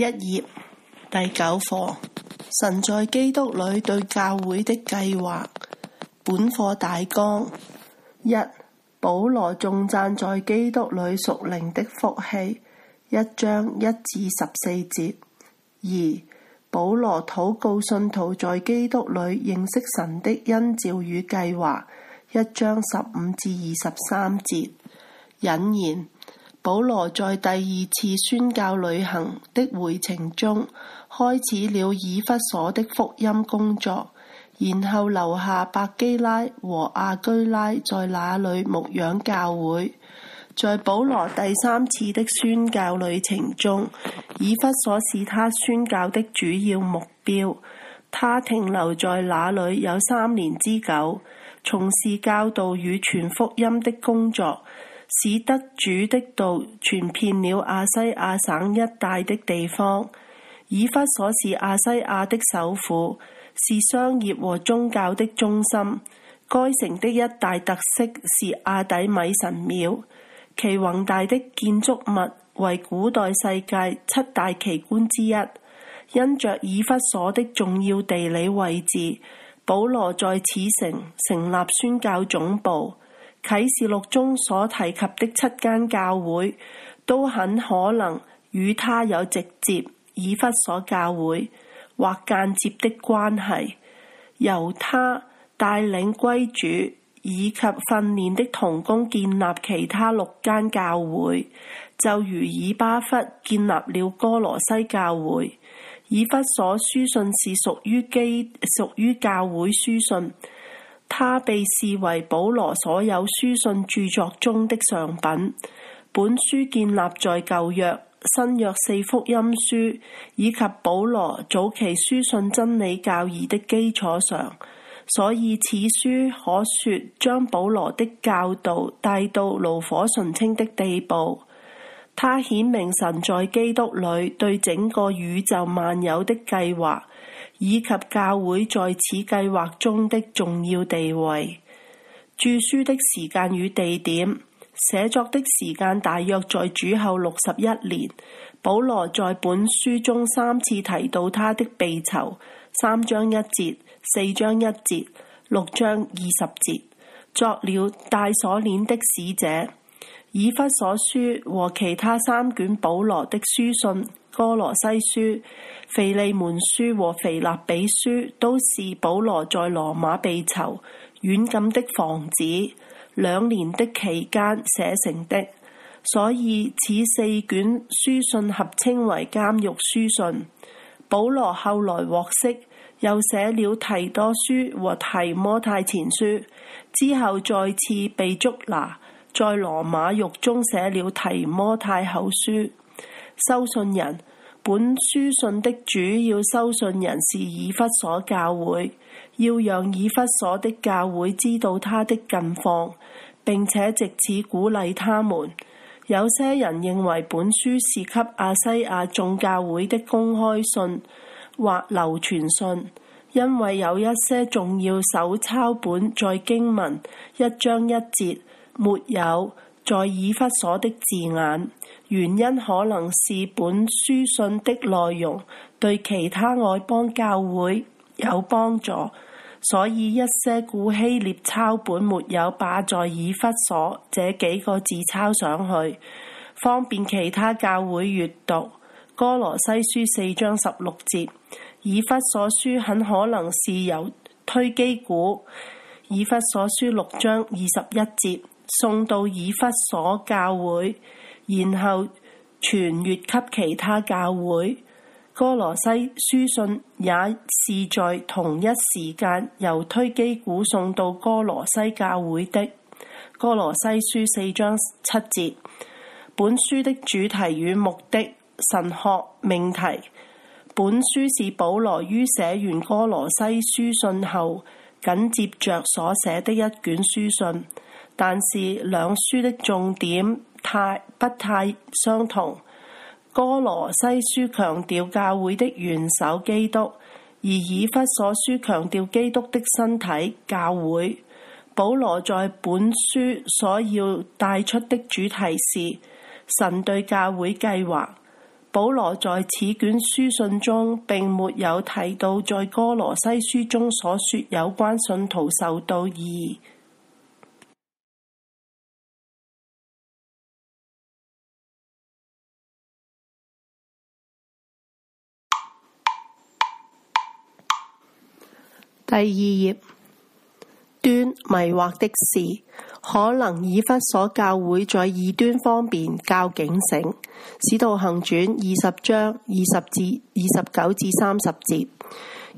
一頁第九課：神在基督裏對教會的計劃。本課大綱：一、保羅頌讚在基督裏屬靈的福氣，一章一至十四節；二、保羅禱告信徒在基督裏認識神的恩召與計劃，一章十五至二十三節。引言。保羅在第二次宣教旅行的回程中，開始了以弗所的福音工作，然後留下百基拉和亞居拉在那裏牧養教會。在保羅第三次的宣教旅程中，以弗所是他宣教的主要目標，他停留在那裏有三年之久，從事教導與傳福音的工作。使得主的道傳遍了亞西亞省一帶的地方。以弗所是亞西亞的首府，是商業和宗教的中心。該城的一大特色是亞底米神廟，其宏大的建築物為古代世界七大奇觀之一。因着以弗所的重要地理位置，保羅在此城成立宣教總部。啟示錄中所提及的七間教會都很可能與他有直接以弗所教會或間接的關係，由他帶領歸主以及訓練的同工建立其他六間教會，就如以巴弗建立了哥羅西教會。以弗所書信是屬於基屬於教會書信。他被視為保羅所有書信著作中的上品。本書建立在舊約、新約四福音書以及保羅早期書信真理教義的基礎上，所以此書可說將保羅的教導帶到爐火純青的地步。他顯明神在基督裡對整個宇宙萬有的計劃。以及教會在此計劃中的重要地位。著書的時間與地點，寫作的時間大約在主後六十一年。保羅在本書中三次提到他的被囚：三章一節、四章一節、六章二十節。作了帶鎖鏈的使者，以弗所書和其他三卷保羅的書信。《波羅西書》、《腓利門書》和《腓立比書》都是保羅在羅馬被囚軟禁的房子兩年的期間寫成的，所以此四卷書信合稱為監獄書信。保羅後來獲釋，又寫了《提多書》和《提摩太前書》，之後再次被捉拿，在羅馬獄中寫了《提摩太後書》。收信人。本書信的主要收信人是以弗所教會，要讓以弗所的教會知道他的近況，並且藉此鼓勵他們。有些人認為本書是給亞西亞眾教會的公開信或流傳信，因為有一些重要手抄本在經文，一章一節，沒有在以弗所的字眼，原因可能是本書信的內容對其他外邦教會有幫助，所以一些古希臘抄本沒有把在以弗所這幾個字抄上去，方便其他教會閱讀。哥羅西書四章十六節，以弗所書很可能是由推基古。以弗所書六章二十一節。送到以弗所教會，然後傳閱給其他教會。哥羅西書信也是在同一時間由推基古送到哥羅西教會的。哥羅西書四章七節，本書的主題與目的：神學命題。本書是保羅於寫完哥羅西書信後緊接着所寫的一卷書信。但是兩書的重點太不太相同。哥羅西書強調教會的元首基督，而以弗所書強調基督的身體教會。保羅在本書所要帶出的主題是神對教會計劃。保羅在此卷書信中並沒有提到在哥羅西書中所說有關信徒受到異。第二異端迷惑的事，可能以弗所教會在異端方面較警醒，《使徒行傳》二十章二十至二十九至三十節，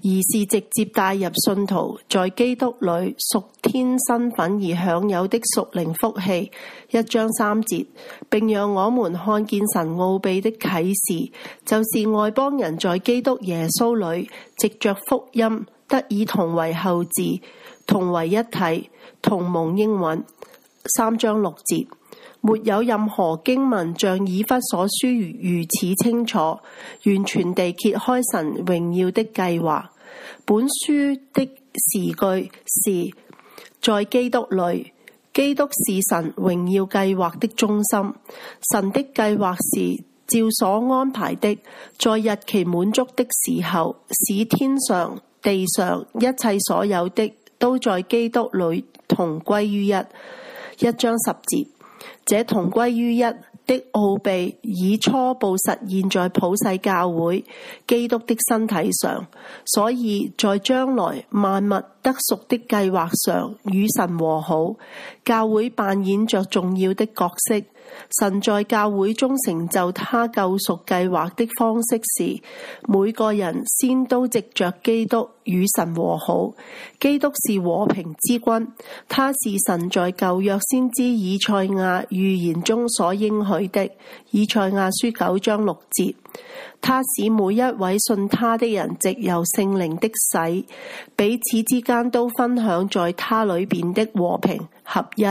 而是直接帶入信徒在基督裡屬天身份而享有的屬靈福氣。一章三節，並讓我們看見神奧秘的啟示，就是外邦人在基督耶穌裡藉着福音。得以同為後嗣，同為一體，同蒙應許。三章六節，沒有任何經文像以弗所書如，如此清楚，完全地揭開神榮耀的計劃。本書的時句是在基督裡，基督是神榮耀計劃的中心。神的計劃是照所安排的，在日期滿足的時候，使天上。地上一切所有的都在基督裡同歸於一，一章十節。這同歸於一的奧秘已初步實現在普世教會基督的身體上，所以在將來萬物得熟的計劃上與神和好，教會扮演着重要的角色。神在教會中成就他救贖計劃的方式時，每個人先都藉着基督與神和好。基督是和平之君，他是神在舊約先知以賽亞預言中所應許的。以賽亞書九章六節，他使每一位信他的人藉由聖靈的洗，彼此之間都分享在他裏邊的和平，合一，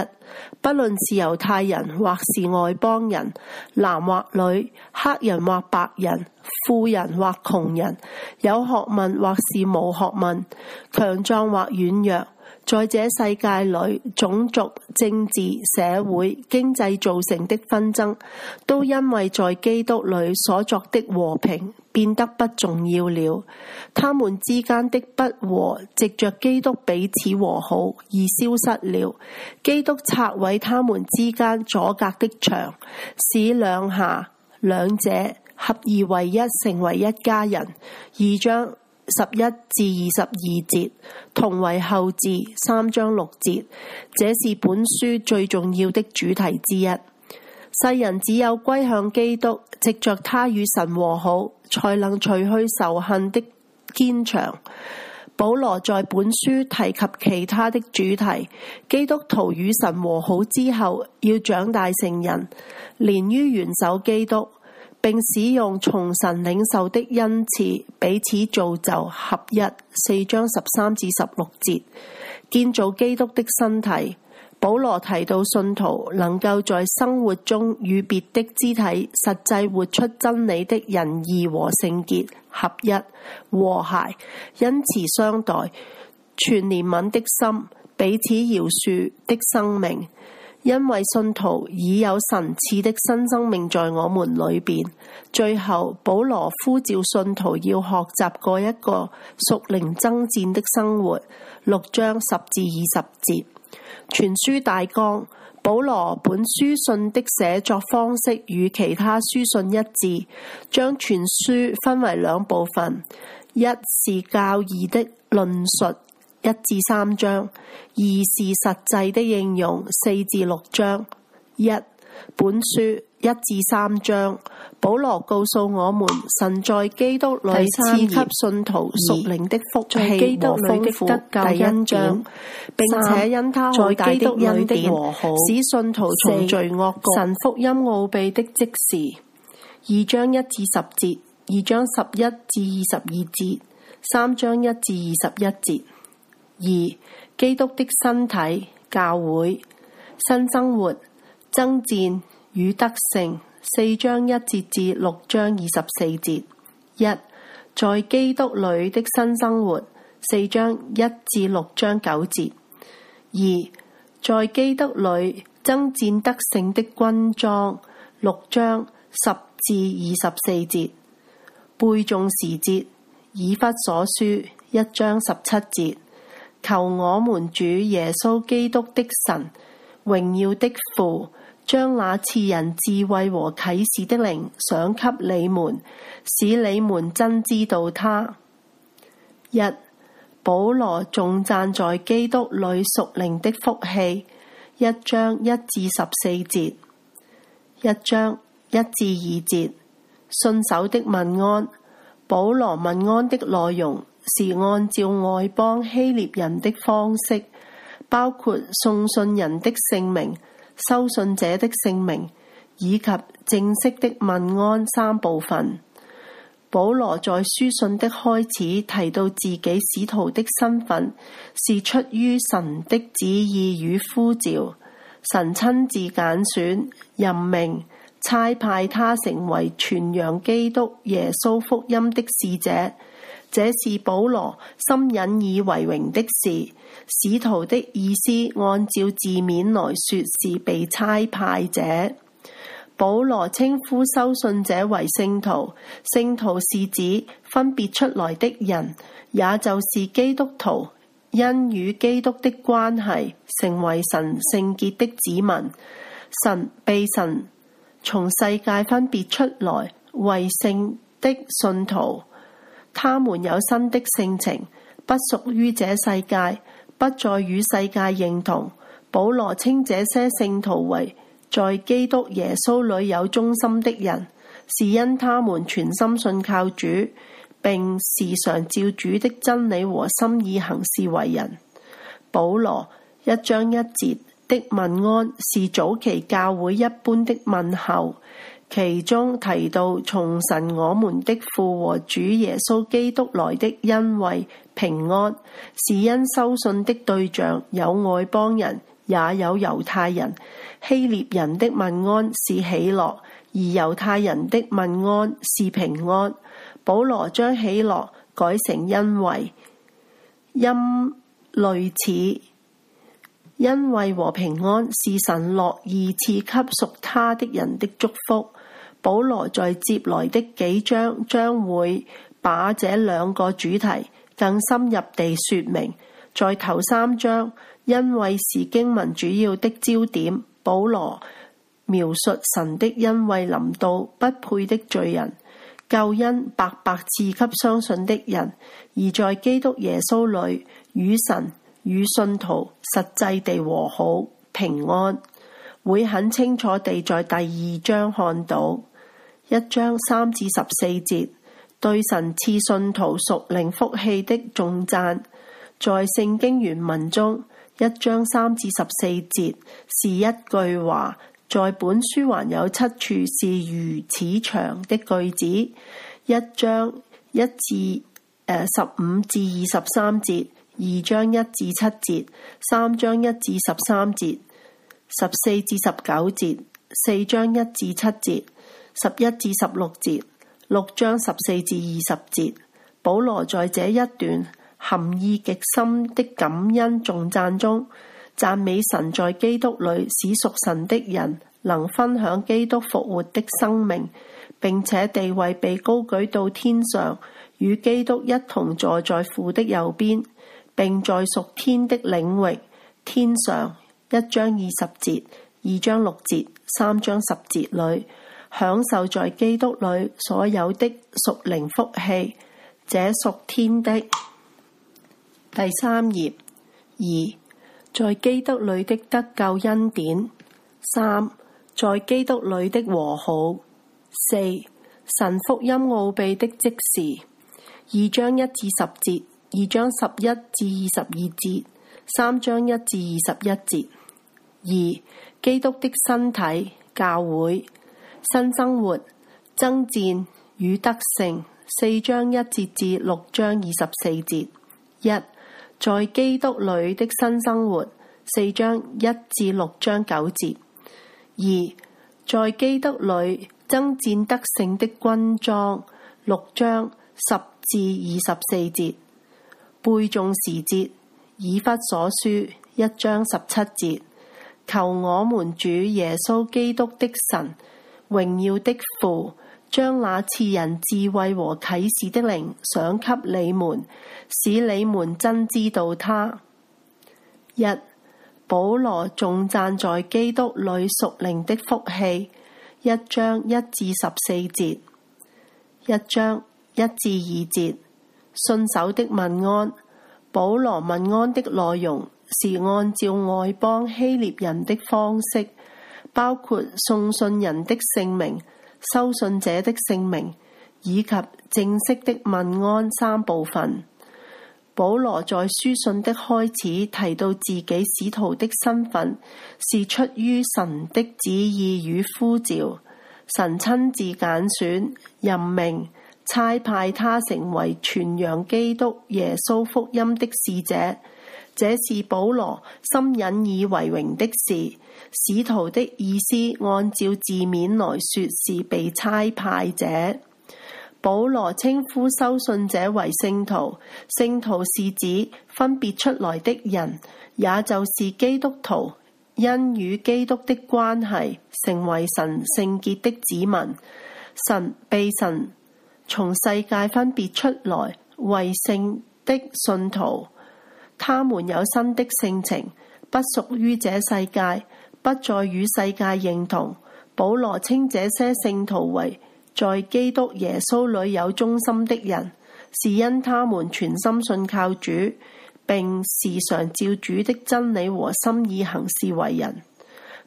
不論是猶太人或是外邦人，男或女，黑人或白人，富人或窮人，有學問或是冇學問，強壯或軟弱。在這世界裏種族、政治、社會、經濟造成的紛爭都因為在基督裏所作的和平，變得不重要了。他們之間的不和，藉着基督彼此和好而消失了。基督拆毀他們之間阻隔的牆，使兩下兩者合二為一，成為一家人，而將。十一至二十二節，同為後嗣，三章六節，這是本書最重要的主題之一。世人只有歸向基督，藉着他與神和好，才能除去仇恨的堅牆。保羅在本書提及其他的主題：基督徒與神和好之後，要長大成人，連於元首基督。並使用從神領受的恩賜，彼此造就合一。四章十三至十六節，建造基督的身體。保羅提到信徒能夠在生活中與別的肢體實際活出真理的仁義和聖潔合一、和諧，恩慈相待，全憐憫的心，彼此饒恕的生命。因為信徒已有神賜的新生命在我們裏邊，最後保羅呼召信徒要學習過一個屬靈爭戰的生活。六章十至二十節，全書大綱。保羅本書信的寫作方式與其他書信一致，將全書分為兩部分，一是教義的論述。一至三章，二是實際的應用。四至六章，一本書一至三章。保羅告訴我們，神在基督裏賜給信徒屬靈的福氣和豐富。二第一章並且因他三在基督裏的和好使信徒從罪惡四神福音奧秘的即時。二章一至十節，二章十一至二十二節，三章一至二十一節。二、基督的身體教會新生活爭戰與得勝，四章一節至六章二十四節。一、在基督裏的新生活，四章一至六章九節。二、在基督裏爭戰得勝的軍裝，六章十至二十四節。背誦時節，以弗所書一章十七節。求我們主耶穌基督的神，榮耀的父，將那賜人智慧和啟示的靈賞給你們，使你們真知道他。一、保羅仲讚在基督裏屬靈的福氣，一章一至十四節，一章一至二節，信手的問安，保羅問安的內容。是按照外邦希臘人的方式，包括送信人的姓名、收信者的姓名以及正式的問安三部分。保羅在書信的開始提到自己使徒的身份，是出於神的旨意與呼召，神親自揀選、任命、差派他成為傳揚基督耶穌福音的使者。這是保羅深引以為榮的事。使徒的意思，按照字面來說是被差派者。保羅稱呼收信者為聖徒，聖徒是指分別出來的人，也就是基督徒，因與基督的關係，成為神聖潔的子民。神被神從世界分別出來，為聖的信徒。他們有新的性情，不屬於這世界，不再與世界認同。保羅稱這些聖徒為在基督耶穌裏有忠心的人，是因他們全心信靠主，並時常照主的真理和心意行事為人。保羅一章一節的問安是早期教會一般的問候。其中提到從神我們的父和主耶穌基督來的恩惠平安，是因收信的對象有外邦人，也有猶太人。希臘人的問安是喜樂，而猶太人的問安是平安。保羅將喜樂改成恩惠，因類似恩惠和平安是神樂意賜給屬他的人的祝福。保羅在接來的幾章將會把這兩個主題更深入地說明。在頭三章，因為是經文主要的焦點，保羅描述神的恩惠臨到不配的罪人，救恩白白賜給相信的人，而在基督耶穌裏與神與信徒實際地和好平安，會很清楚地在第二章看到。一章三至十四節，對神賜信徒屬靈福氣的頌讚，在聖經原文中，一章三至十四節是一句話。在本書還有七處是如此長的句子。一章一至十五至二十三節，二章一至七節，三章一至十三節，十四至十九節，四章一至七節。十一至十六節，六章十四至二十節，保羅在這一段含義極深的感恩重讚中，讚美神在基督裏使屬神的人能分享基督復活的生命，並且地位被高舉到天上，與基督一同坐在父的右邊，並在屬天的領域。天上一章二十節，二章六節，三章十節裏。享受在基督裏所有的屬靈福氣，這屬天的。第三頁，二，在基督裏的得救恩典；三，在基督裏的和好；四，神福音奧秘的即時。二章一至十節，二章十一至二十二節，三章一至二十一節。二，基督的身體教會。新生活、爭戰與德勝，四章一節至六章二十四節。一，在基督裏的新生活，四章一至六章九節。二，在基督裏爭戰德勝的軍裝，六章十至二十四節。背誦時節，以弗所書一章十七節。求我們主耶穌基督的神。榮耀的父將那賜人智慧和啟示的靈賞給你們，使你們真知道他。一保羅仲讚在基督裏屬靈的福氣，一章一至十四節，一章一至二節，信守的問安。保羅問安的內容是按照外邦希臘人的方式。包括送信人的姓名、收信者的姓名以及正式的問安三部分。保羅在書信的開始提到自己使徒的身份，是出於神的旨意與呼召，神親自揀選任命、差派他成為傳揚基督耶穌福音的使者。這是保羅深引以為榮的事。使徒的意思，按照字面來說是被差派者。保羅稱呼收信者為聖徒，聖徒是指分別出來的人，也就是基督徒，因與基督的關係，成為神聖潔的子民，神被神從世界分別出來為聖的信徒。他們有新的性情，不屬於這世界，不再與世界認同。保羅稱這些聖徒為在基督耶穌裏有忠心的人，是因他們全心信靠主，並時常照主的真理和心意行事為人。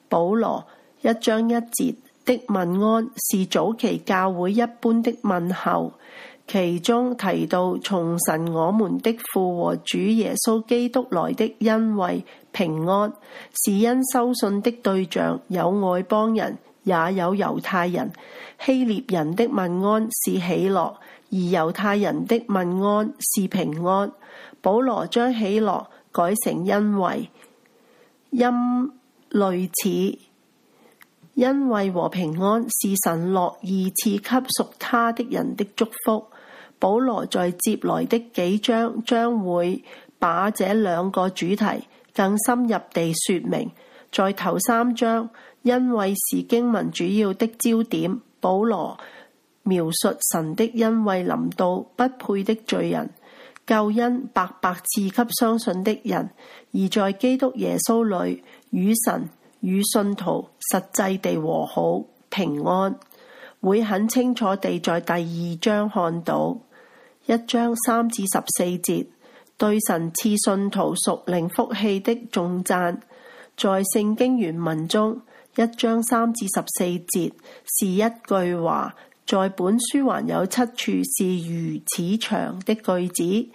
保羅一章一節的問安是早期教會一般的問候。其中提到從神我們的父和主耶穌基督來的恩惠平安，是因收信的對象有外邦人，也有猶太人。希臘人的問安是喜樂，而猶太人的問安是平安。保羅將喜樂改成恩惠，因類似恩惠和平安是神樂意賜給屬他的人的祝福。保羅在接來的幾章將會把這兩個主題更深入地說明。在頭三章，恩惠是經文主要的焦點。保羅描述神的恩惠臨到不配的罪人，救恩白白賜給相信的人，而在基督耶穌裏，與神與信徒實際地和好平安。會很清楚地在第二章看到一章三至十四節對神賜信徒屬靈福氣的頌讚，在聖經原文中一章三至十四節是一句話，在本書還有七處是如此長的句子，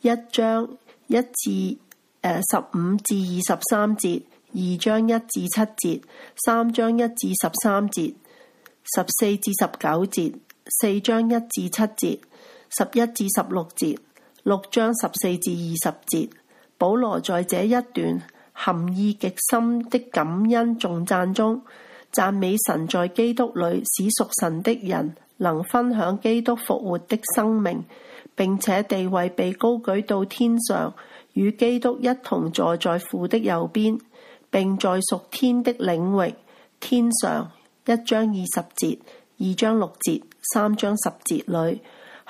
一章一至十五至二十三節，二章一至七節，三章一至十三節。十四至十九節，四章一至七節，十一至十六節，六章十四至二十節。保羅在這一段含義極深的感恩頌讚中，讚美神在基督裡使屬神的人能分享基督復活的生命，並且地位被高舉到天上，與基督一同坐在父的右邊，並在屬天的領域天上。一章二十節，二章六節，三章十節裏，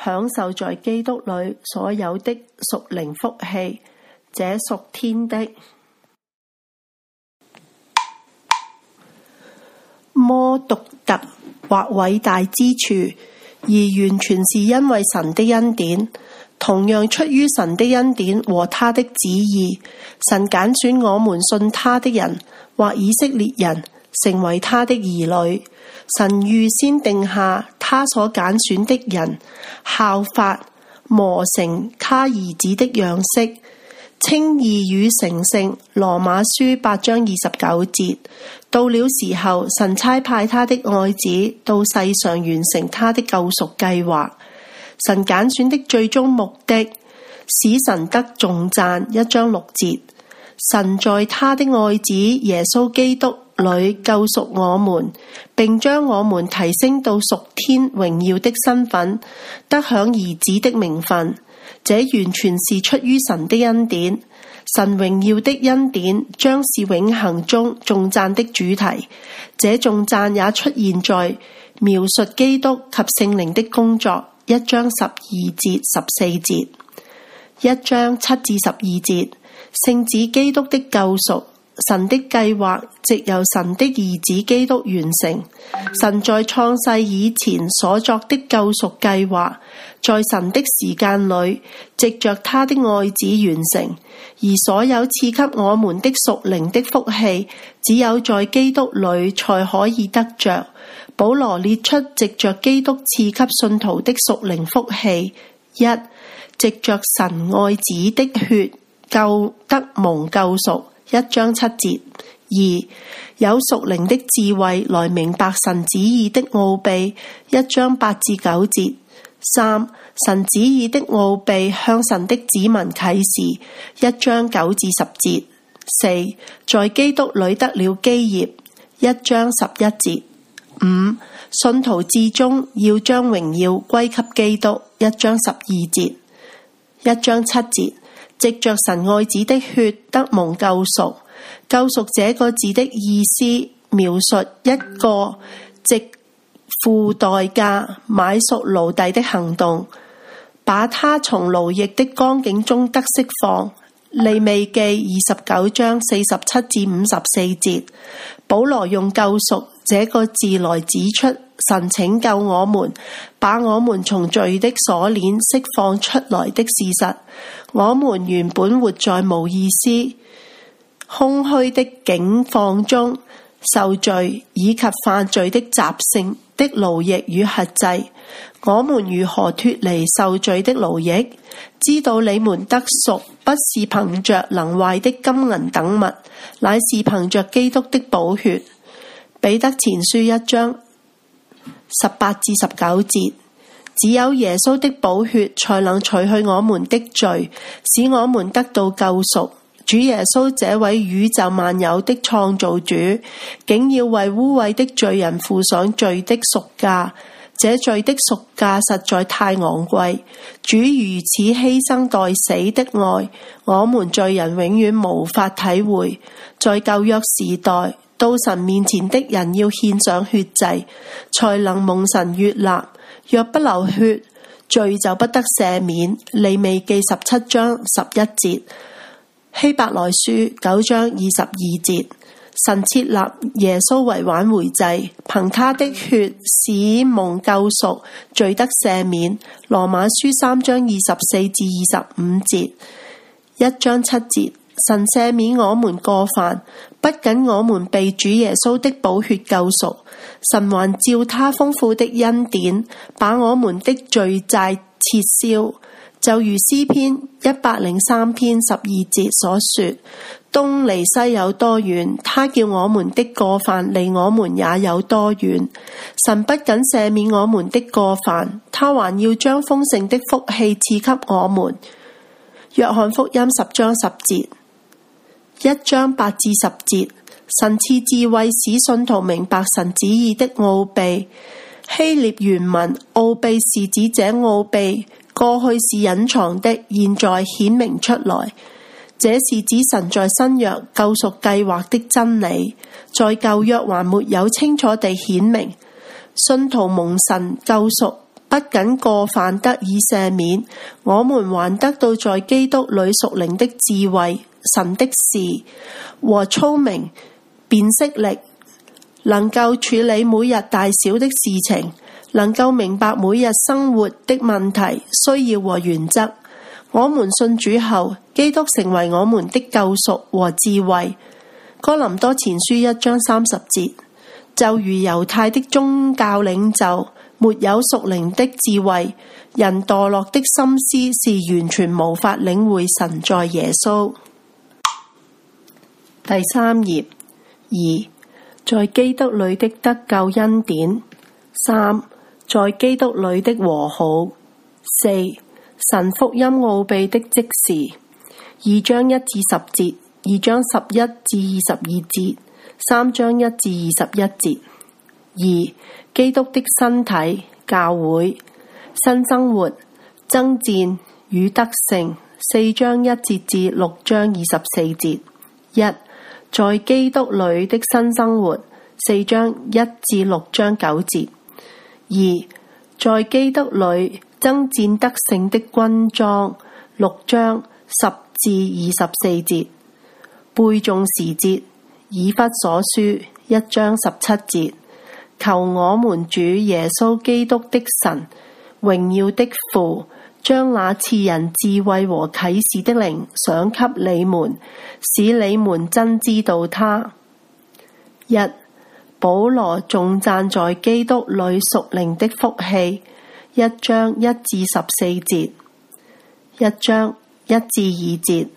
享受在基督裏所有的屬靈福氣，這屬天的，麼獨特或偉大之處，而完全是因為神的恩典，同樣出於神的恩典和他的旨意，神揀選我們信他的人或以色列人，成為他的兒女，神預先定下他所揀選的人，效法磨成他兒子的樣式，稱義與成聖。羅馬書八章二十九節。到了時候，神差派他的愛子到世上完成他的救贖計劃。神揀選的最終目的，使神得眾讚。一章六節。神在他的愛子耶穌基督。裏救贖我們，並將我們提升到屬天榮耀的身份，得享兒子的名分。這完全是出於神的恩典，神榮耀的恩典將是永恆中頌讚的主題。這頌讚也出現在描述基督及聖靈的工作，一章十二至十四節，一章七至十二節，聖子基督的救贖。神的計劃藉由神的兒子基督完成。神在創世以前所作的救贖計劃，在神的時間裏，藉着他的愛子完成。而所有賜給我們的屬靈的福氣，只有在基督裏才可以得着。保羅列出藉着基督賜給信徒的屬靈福氣：一，藉着神愛子的血救得蒙救贖。一章七節，二有屬靈的智慧來明白神旨意的奧秘；一章八至九節，三神旨意的奧祕向神的子民啟示；一章九至十節，四在基督裏得了基業；一章十一節，五信徒至終要將榮耀歸給基督；一章十二節，一章七節。藉着神愛子的血得蒙救贖，救贖這個字的意思，描述一個藉付代價買贖奴隸的行動，把他從奴役的光景中得釋放。利未記二十九章四十七至五十四節，保羅用救贖這個字來指出神拯救我們，把我們從罪的鎖鏈釋放出來的事實。我們原本活在無意思、空虛的境況中，受罪以及犯罪的習性的奴役與轄制。我們如何脫離受罪的奴役？知道你們得贖，不是憑着能壞的金銀等物，乃是憑着基督的寶血。彼得前書一章十八至十九節。只有耶穌的寶血才能除去我們的罪，使我們得到救贖。主耶穌這位宇宙萬有的創造主，竟要為污穢的罪人付上罪的贖價。這罪的贖價實在太昂貴。主如此犧牲代死的愛，我們罪人永遠無法體會。在舊約時代，到神面前的人要獻上血祭，才能蒙神悅納。若不流血，罪就不得赦免。利未記十七章十一節，希伯來書九章二十二節，神設立耶穌為挽回祭，憑他的血使蒙救贖、罪得赦免。羅馬書三章二十四至二十五節，一章七節，神赦免我們過犯，不僅我們被主耶穌的寶血救贖。神還照他豐富的恩典，把我們的罪債撤銷，就如詩篇一百零三篇十二節所說：東離西有多遠，他叫我們的過犯離我們也有多遠。神不僅赦免我們的過犯，他還要將豐盛的福氣賜給我們。約翰福音十章十節，一章八至十節。神賜智慧，使信徒明白神旨意的奧秘。希臘原文奧秘是指這奧秘過去是隱藏的，現在顯明出來。這是指神在新約救贖計劃的真理，在舊約還沒有清楚地顯明。信徒蒙神救贖，不僅過犯得以赦免，我們還得到在基督裏屬靈的智慧、神的事和聰明。辨識力能夠處理每日大小的事情，能夠明白每日生活的問題需要和原則。我們信主後，基督成為我們的救贖和智慧。哥林多前書一章三十節， 就如猶太的宗教領袖沒有屬靈的智慧，人墮落的心思是完全無法領會神在耶穌。第三頁。二，在基督裏的得救恩典；三，在基督裏的和好；四，神福音奧秘的即時。二章一至十節，二章十一至二十二節，三章一至二十一節。二，基督的身體教會，新生活，爭戰與得勝。四章一節至六章二十四節。一。在基督裏的新生活，四章一至六章九節；二，在基督裏爭戰得勝的軍裝，六章十至二十四節。背誦時節，以弗所書一章十七節。求我們主耶穌基督的神榮耀的父，將那賜人智慧和啟示的靈賞給你們，使你們真知道他。一保羅仲讚在基督裏屬靈的福氣，一章一至十四節，一章一至二節，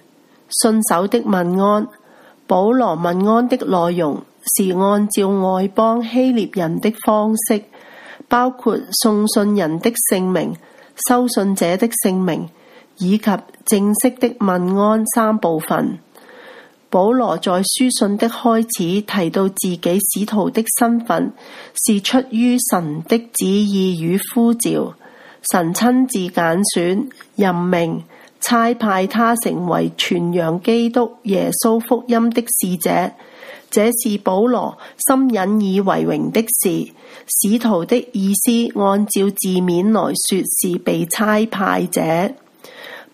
信守的問安。保羅問安的內容是按照外邦希臘人的方式，包括送信人的姓名。收信者的姓名以及正式的問安三部分。保羅在書信的開始提到自己使徒的身份，是出於神的旨意與呼召。神親自揀選、任命、差派他成為傳揚基督耶穌福音的使者。這是保羅深引以為榮的事。使徒的意思，按照字面來說，是被差派者。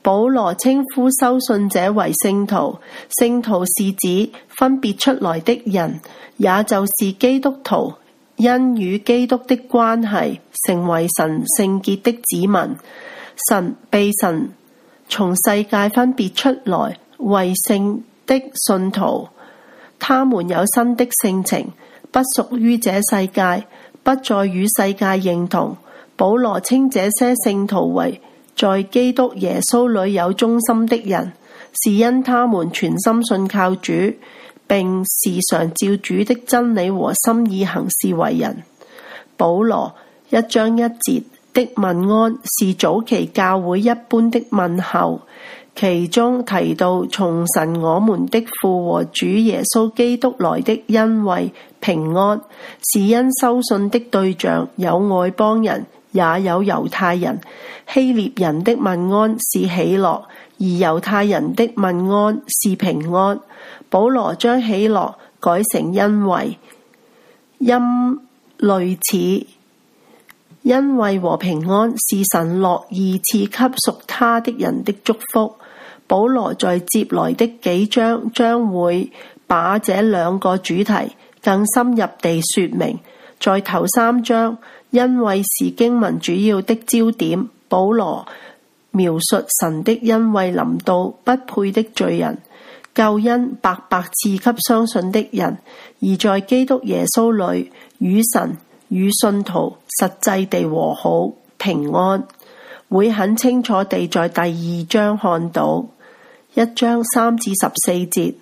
保羅稱呼收信者為聖徒，聖徒是指分別出來的人，也就是基督徒，因與基督的關係，成為神聖潔的子民。神被神從世界分別出來，為聖的信徒。他們有新的性情，不屬於這世界，不再與世界認同。保羅稱這些聖徒為在基督耶穌裏有忠心的人，是因他們全心信靠主，並時常照主的真理和心意行事為人。保羅一章一節的問安，是早期教會一般的問候。其中提到從神我們的父和主耶穌基督來的恩惠平安，是因收信的對象有外邦人，也有猶太人。希臘人的問安是喜樂，而猶太人的問安是平安。保羅將喜樂改成恩惠，因類似恩惠和平安是神樂意賜給屬他的人的祝福。保羅在接來的幾章將會把這兩個主題更深入地說明。在頭三章，因為是經文主要的焦點，保羅描述神的恩惠臨到不配的罪人，救恩白白賜給相信的人，而在基督耶穌裏與神與信徒實際地和好平安，會很清楚地在第二章看到。一章三至十四節，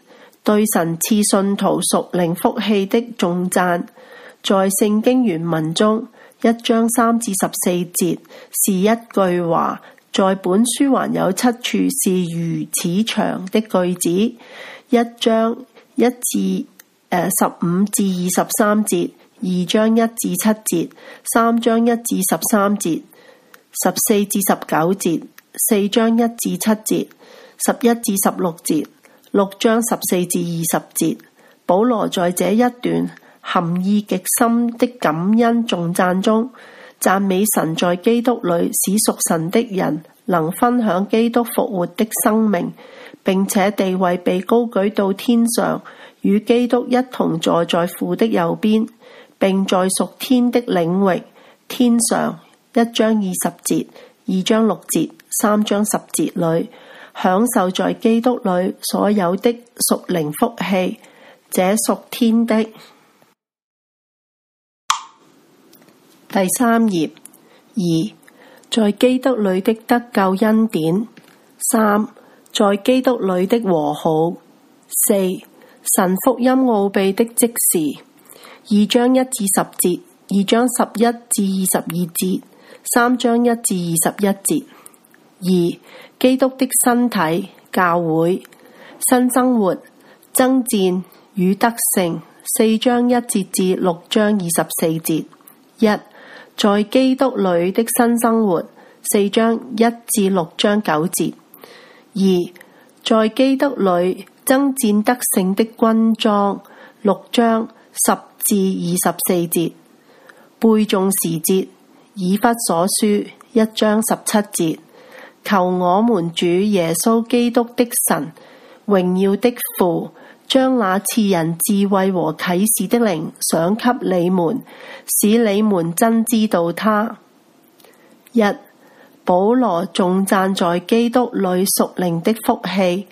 對神賜信徒屬靈福氣的頌讚，在聖經原文中，一章三至十四節是一句話。在本書還有七處是如此長的句子。一章一至誒十五至二十三節，二章一至七節，三章一至十三節，十四至十九節，四章一至七節。十一至十六節，六章十四至二十節。保羅在這一段含義極深的感恩頌讚中，讚美神在基督裏使屬神的人能分享基督復活的生命，並且地位被高舉到天上，與基督一同坐在父的右邊，並在屬天的領域。天上，一章二十節、二章六節、三章十節裏。享受在基督裏所有的屬靈福氣，這屬天的。第三頁二，在基督裏的得救恩典；三，在基督裏的和好；四，神福音奧秘的即時。二章一至十節；二章十一至二十二節；三章一至二十一節。二，基督的身體，教會新生活、爭戰與得勝，四章一節至六章二十四節。一，在基督裏的新生活，四章一至六章九節。二，在基督裏爭戰得勝的軍裝，六章十至二十四節。背誦時節，以弗所書一章十七節。求我們主耶穌基督的神榮耀的父，將那賜人智慧和啟示的靈賞給你們，使你們真知道他。一保羅仲讚在基督裏屬靈的福氣，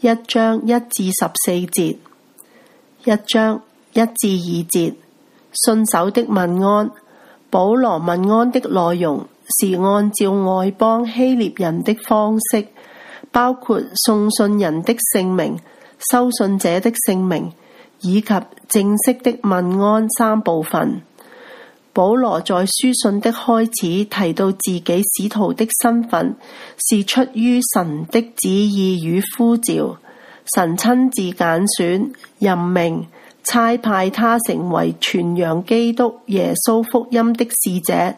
一章一至十四節，一章一至二節，信手的問安，保羅問安的內容。是按照外邦希臘人的方式，包括送信人的姓名、收信者的姓名以及正式的問安三部分。保羅在書信的開始提到自己使徒的身份，是出於神的旨意與呼召，神親自揀選、任命、差派他成為傳揚基督耶穌福音的使者。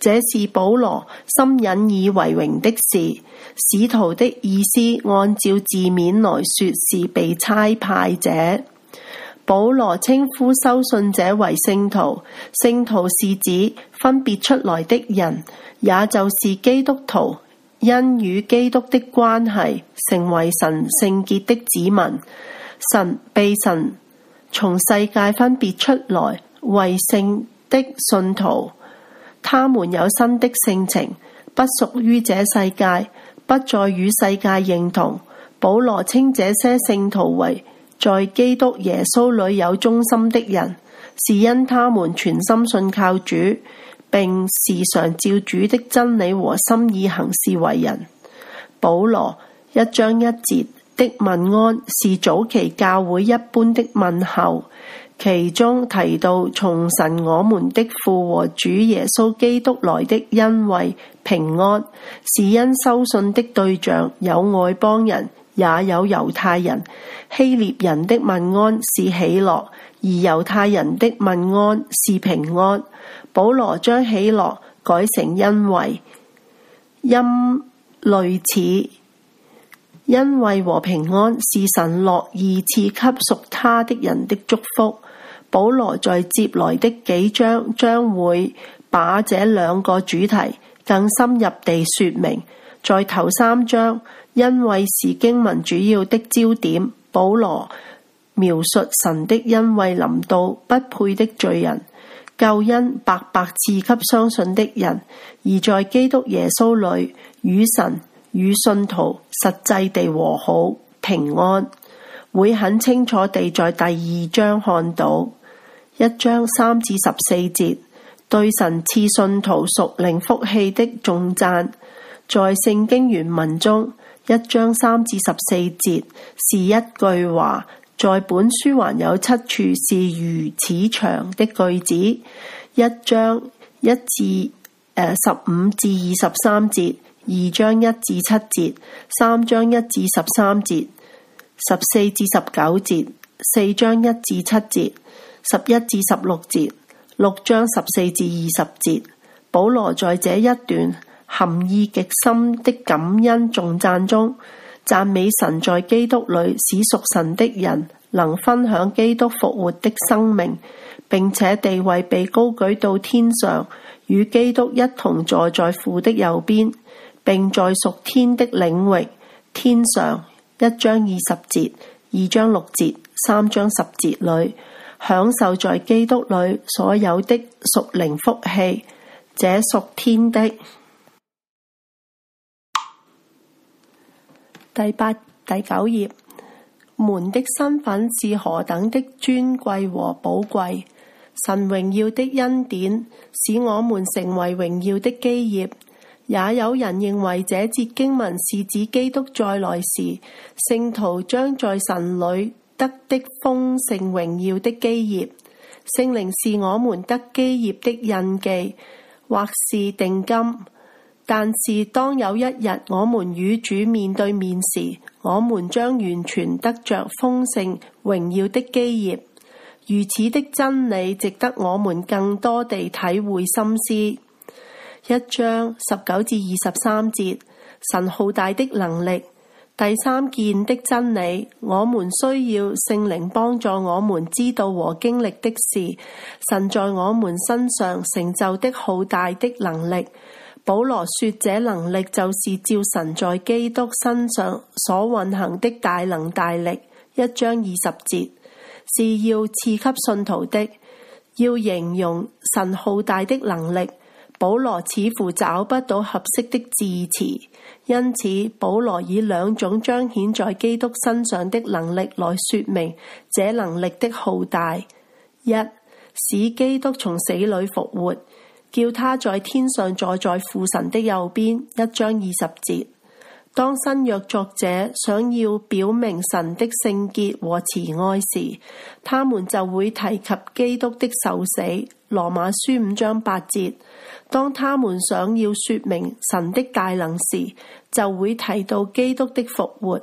這是保羅深引以為榮的事。使徒的意思，按照字面來說是被差派者。保羅稱呼收信者為聖徒，聖徒是指分別出來的人，也就是基督徒，因與基督的關係，成為神聖潔的子民。神被神從世界分別出來，為聖的信徒。他們有新的性情，不屬於這世界，不再與世界認同。保羅稱這些聖徒為在基督耶穌裏有忠心的人，是因他們全心信靠主，並時常照主的真理和心意行事為人。保羅一章一節的問安是早期教會一般的問候。其中提到從神我們的父和主耶穌基督來的恩惠平安，是因收信的對象有外邦人，也有猶太人。希臘人的問安是喜樂，而猶太人的問安是平安。保羅將喜樂改成恩惠，因類似恩惠和平安是神樂意賜給屬他的人的祝福。保羅在接來的幾章將會把這兩個主題更深入地說明。在頭三章，因為是經文主要的焦點，保羅描述神的恩惠臨到不配的罪人，救恩白白賜給相信的人，而在基督耶穌裏與神與信徒實際地和好平安，會很清楚地在第二章看到。一章三至十四節，對神賜信徒屬靈福氣的頌讚，在聖經原文中，一章三至十四節是一句話。在本書還有七處是如此長的句子。一章一至誒十五至二十三節，二章一至七節，三章一至十三節，十四至十九節，四章一至七節。十一至十六節，六章十四至二十節。保羅在這一段含義極深的感恩重讚中，讚美神在基督裏使屬神的人能分享基督復活的生命，並且地位被高舉到天上，與基督一同坐在父的右邊，並在屬天的領域。天上一章二十節，二章六節，三章十節裏。享受在基督裏所有的屬靈福氣，這屬天的。第八、第九頁，門的身份是何等的尊貴和寶貴？神榮耀的恩典使我們成為榮耀的基業。也有人認為這節經文是指基督再來時，聖徒將在神裏。得的豐盛榮耀的基業，聖靈是我們得基業的印記或是定金，但是當有一日我們與主面對面時，我們將完全得着豐盛榮耀的基業。如此的真理值得我們更多地體會心思。一章十九至二十三節，神浩大的能力。第三件的真理，我們需要聖靈幫助我們知道和經歷的是神在我們身上成就的浩大的能力。保羅說，這能力就是照神在基督身上所運行的大能大力。一章二十節是要賜給信徒的，要形容神浩大的能力。保羅似乎找不到合適的字詞，因此保羅以兩種彰顯在基督身上的能力來說明這能力的浩大：一，使基督從死裏復活，叫他在天上坐在父神的右邊。一章二十節。當新約作者想要表明神的聖潔和慈愛時，他們就會提及基督的受死（羅馬書五章八節）。當他們想要說明神的大能時，就會提到基督的復活，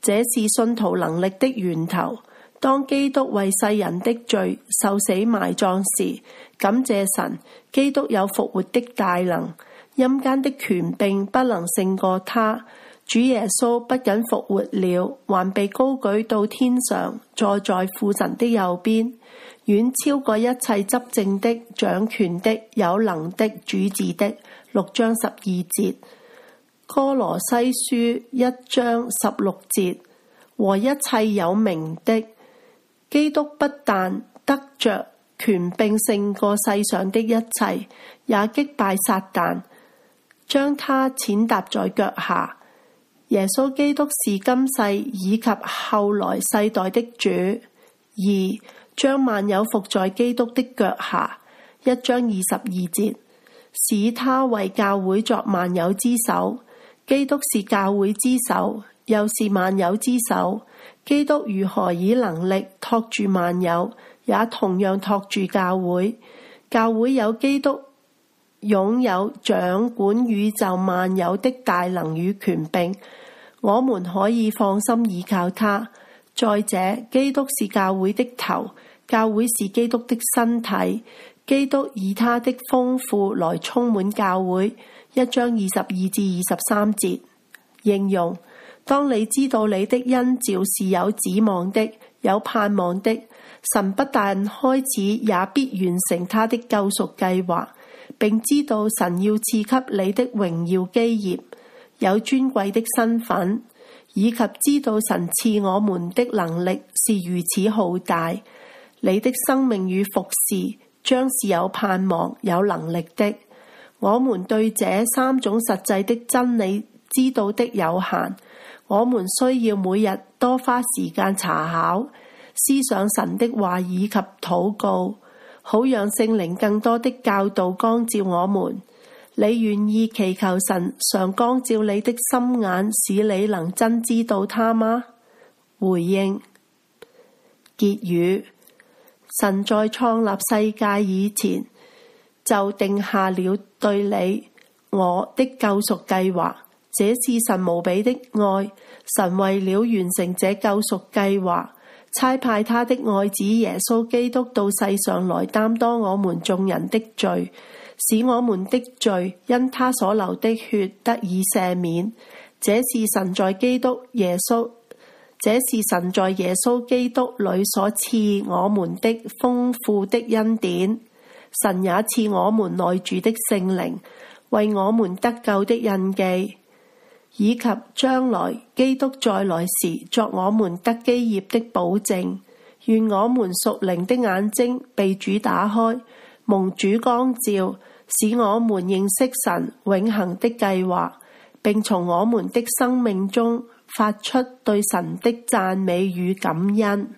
這是信徒能力的源頭。當基督為世人的罪受死埋葬時，感謝神，基督有復活的大能，陰間的權柄不能勝過他。主耶穌不僅復活了，還被高舉到天上，坐在父神的右邊，遠超過一切執政的、掌權的、有能的、主治的。六章十二節，哥羅西書一章十六節和一切有名的，基督不但得着權並勝過世上的一切，也擊敗撒旦，將他踐踏在腳下。耶穌基督是今世以及後來世代的主，二將萬有伏在基督的腳下。一章二十二節，使他為教會作萬有之首。基督是教會之首，又是萬有之首。基督如何以能力托住萬有，也同樣托住教會。教會有基督，擁有掌管宇宙萬有的大能與權柄，我們可以放心倚靠他。再者，基督是教會的頭，教會是基督的身體，基督以他的豐富來充滿教會。一章二十二至二十三節，應用：當你知道你的恩召是有指望的、有盼望的，神不但開始，也必完成他的救贖計劃。並知道神要賜給你的榮耀基業，有尊貴的身份，以及知道神賜我們的能力是如此浩大。你的生命與服侍，將是有盼望、有能力的。我們對這三種實際的真理知道的有限，我們需要每日多花時間查考、思想神的話以及禱告。好讓聖靈更多的教導光照我們，你願意祈求神常光照你的心眼，使你能真知道他嗎？回應。結語：神在創立世界以前，就定下了對你我的救贖計劃，這是神無比的愛。神為了完成這救贖計劃。差派他的愛子耶穌基督到世上來擔當我們眾人的罪，使我們的罪因他所流的血得以赦免。這是神在基督耶穌，這是神在耶穌基督裏所賜我們的豐富的恩典。神也賜我們內住的聖靈，為我們得救的印記。以及將來基督再來時，作我們得基業的保證。願我們屬靈的眼睛被主打開，蒙主光照，使我們認識神永恆的計劃，並從我們的生命中發出對神的讚美與感恩。